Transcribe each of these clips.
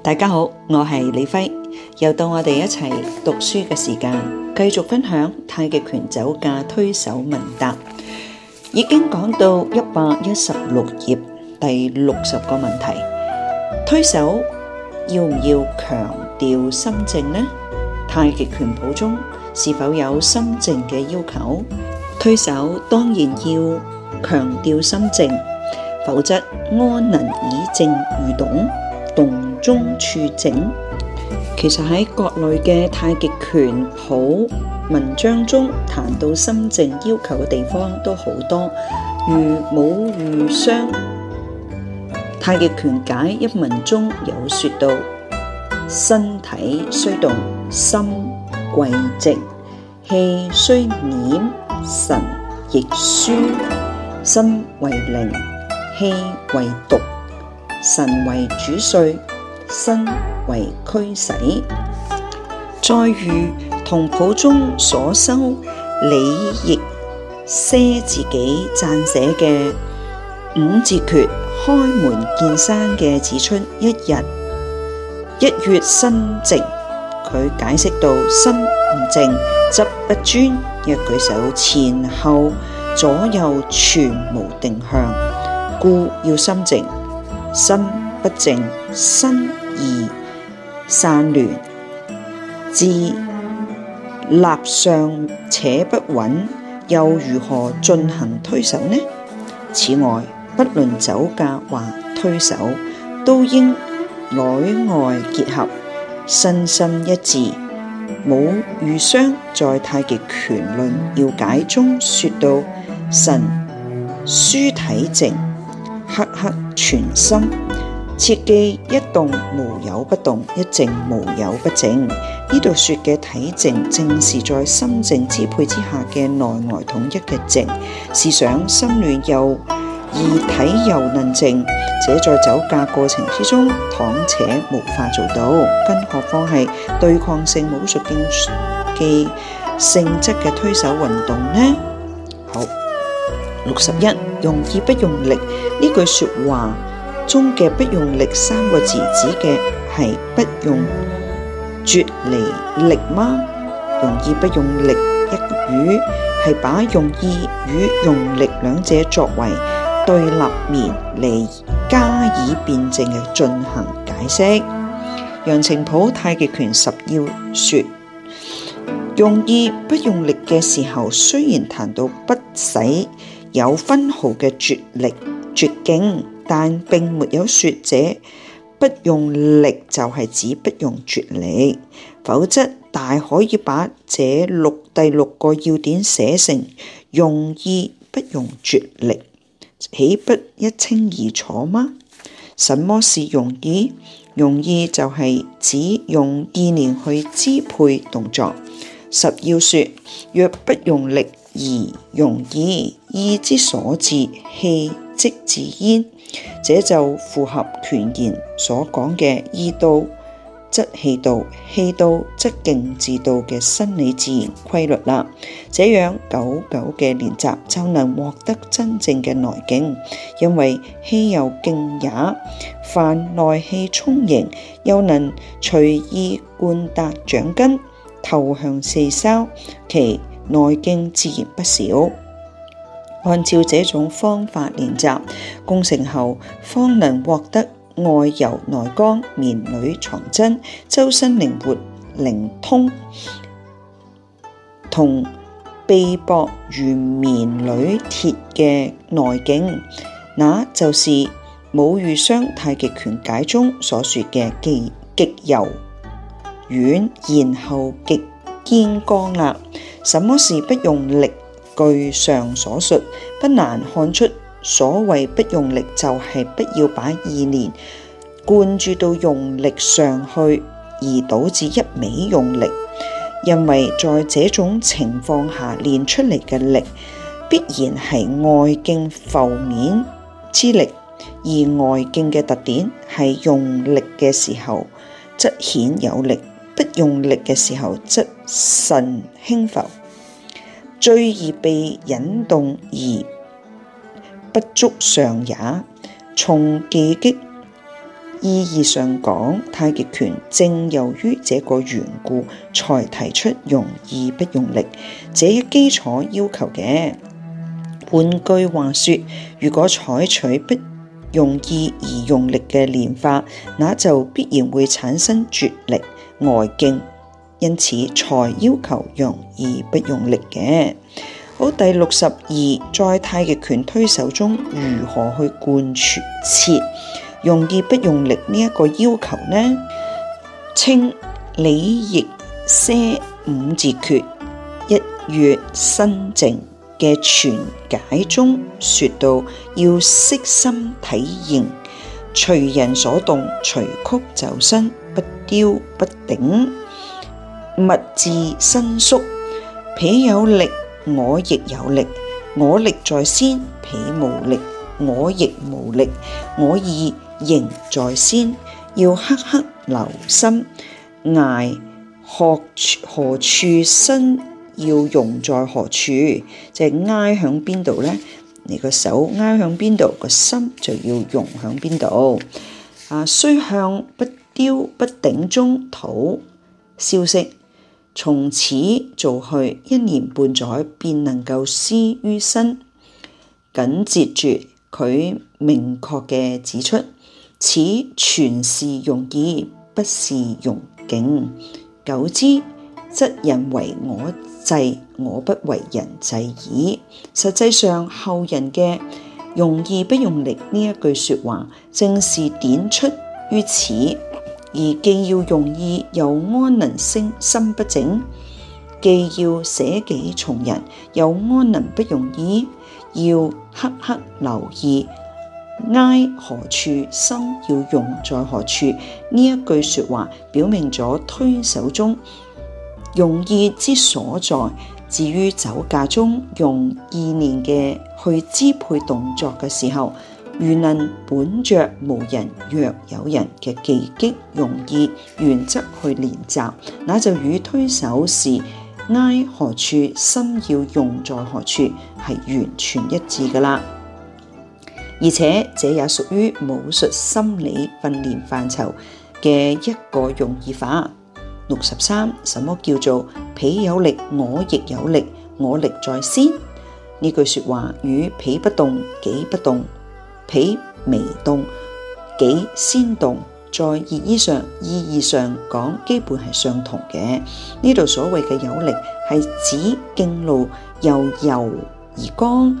大家好，我係李輝，又到我哋一齊讀書嘅時間，繼續分享太極拳走架推手問答。已經講到一百一十六頁第六十個問題：推手要唔要強調心靜呢？太極拳譜中是否有心靜嘅要求？推手當然要強調心靜，否則安能以靜御動？動中處靜，其實喺國內嘅太極拳好文章中談到心靜要求嘅地方都好多，如《武禹襄太極拳解》一文中有說到：身體雖動，心貴靜；氣雖斂，神亦舒；心為靈，氣為毒。神為主帥，身為驅使。再如《同譜》中所收李亦畬自己撰寫嘅五字訣，開門見山嘅指出，一曰一曰心靜。佢解釋到：心唔靜，則不專；若舉手前後左右全無定向，故要心靜。心不靜，身而散亂，姿立上且不穩，又如何進行推手呢？此外，不論走架或推手，都應內外結合，身心一致。武禹襄在《太極拳論要解》中說到：神舒體靜，刻刻。全心切記，一動無有不動，一靜無有不靜。呢度說嘅體靜，正是在心靜支配之下嘅內外統一嘅靜。試想心亂又而體又能靜，這在走架過程之中，躺且無法做到，更何況係對抗性武術競技性質嘅推手運動呢？好。六十一，用意不用力呢句說話中嘅不用力三個字指嘅係不用絕離力嗎？用意不用力一語係把用意與用力兩者作為對立面嚟，加以辯證嘅進行解釋。楊澄甫太極拳十要說用意不用力嘅時候，雖然談到不使。有分毫嘅絕力絕境，但並沒有說者不用力就係指不用絕力，否則大可以把這六第六個要點寫成用意不用絕力，豈不一清二楚嗎？什麼是用意？用意就係指用意念去支配動作。十要說若不用力。而容易意之所至，氣即至焉。這就符合權言所講嘅意到，則氣到；氣到，則勁自到嘅生理自然規律啦。這樣久久嘅練習，就能獲得真正嘅內境，因為氣由勁也，凡內氣充盈，又能隨意貫達掌根、投向四梢，其。內勁自然不少，按照這種方法練習，功成後方能獲得外柔內剛、綿裏藏針、周身靈活靈通、同臂膊如綿裏鐵嘅內勁，那就是武禹襄太極拳解中所說嘅極極柔軟，然後極。天光啦，什麼是不用力？據上所述，不難看出，所謂不用力就係不要把意念灌注到用力上去，而導致一味用力。因為在這種情況下練出嚟嘅力必然係外勁浮面之力，而外勁嘅特點係用力嘅時候則顯有力，不用力嘅時候則神輕浮，最易被引動而不足上也。從技擊意義上講，太極拳正由於這個緣故，才提出用意不用力這一基礎要求嘅。換句話說，如果採取不用意而用力嘅練法，那就必然會產生拙力外勁。因此，才要求用意不用力嘅。好，第六十二，在太極拳推手中，如何去貫徹用意不用力呢一個要求呢？清李亦畬五字訣一曰心靜嘅全解中說到，要悉心體認，隨人所動，隨曲就伸，不丟不頂。物自伸縮，彼有力，我亦有力；我力在先，彼無力，我亦無力。我意形在先，要刻刻留心。挨何何處伸，要用在何處？就挨向邊度呢？你個手挨向邊度，個心就要用向邊度。啊，須向不丟不頂中討消息。從此做去一年半載，便能夠施於身。緊接住佢明確嘅指出，此全是用意，不是用勁。久之則人為我制，我不為人制矣。實際上後人嘅用意不用力呢一句説話，正是點出於此。而既要用意，又安能升心不整；既要捨己從人，又安能不容易？要刻刻留意，挨何處心要用在何處？呢一句說話，表明咗推手中用意之所在。至於走架中用意念嘅去支配動作嘅時候。如能本着無人若有人嘅技擊用意，原則去練習，那就與推手時挨何處心要用在何處係完全一致噶啦。而且這也屬於武術心理訓練範疇嘅一個用意法。六十三，什麼叫做彼有力，我亦有力，我力在先？呢句說話與彼不動，己不動。彼微動，己先動，在意義上、意義上講，基本係相同嘅。呢度所謂嘅有力，係指勁路由柔而剛，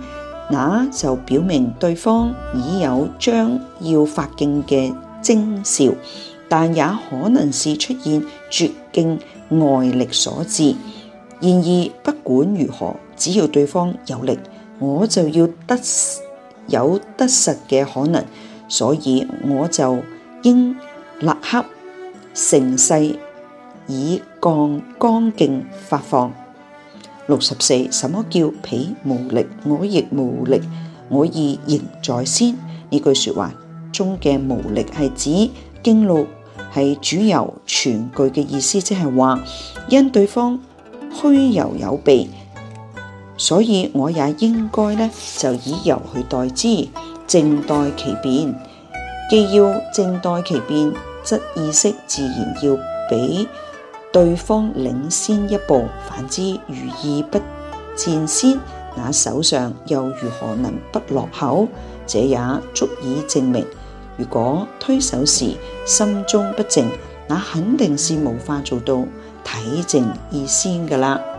那就表明對方已有將要發勁嘅徵兆，但也可能是出現絕勁外力所致。然而，不管如何，只要對方有力，我就要得。有得實嘅可能，所以我就應立刻乘勢以降剛勁發放六十四。64, 什麼叫彼無力，我亦無力，我意仍在先。呢句說話中嘅無力係指經絡係主由全句嘅意思，即係話因對方虛柔有備。所以我也應該呢，就以柔去待之，靜待其變。既要靜待其變，則意識自然要比對方領先一步。反之，如意不佔先，那手上又如何能不落後？這也足以證明，如果推手時心中不靜，那肯定是無法做到體靜意先㗎喇。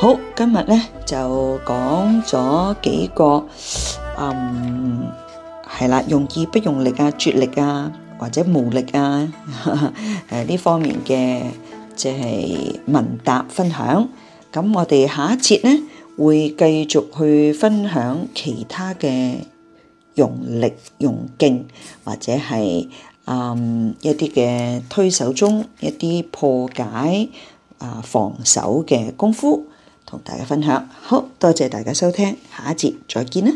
好，今日咧就講咗幾個，嗯，係啦，用意不用力啊，絕力啊，或者無力啊，哈哈，誒呢方面嘅即係問答分享。咁我哋下一節咧會繼續去分享其他嘅用力用勁，或者係嗯一啲嘅推手中一啲破解啊、防守嘅功夫。同大家分享，好多謝大家收聽，下一節再見啦。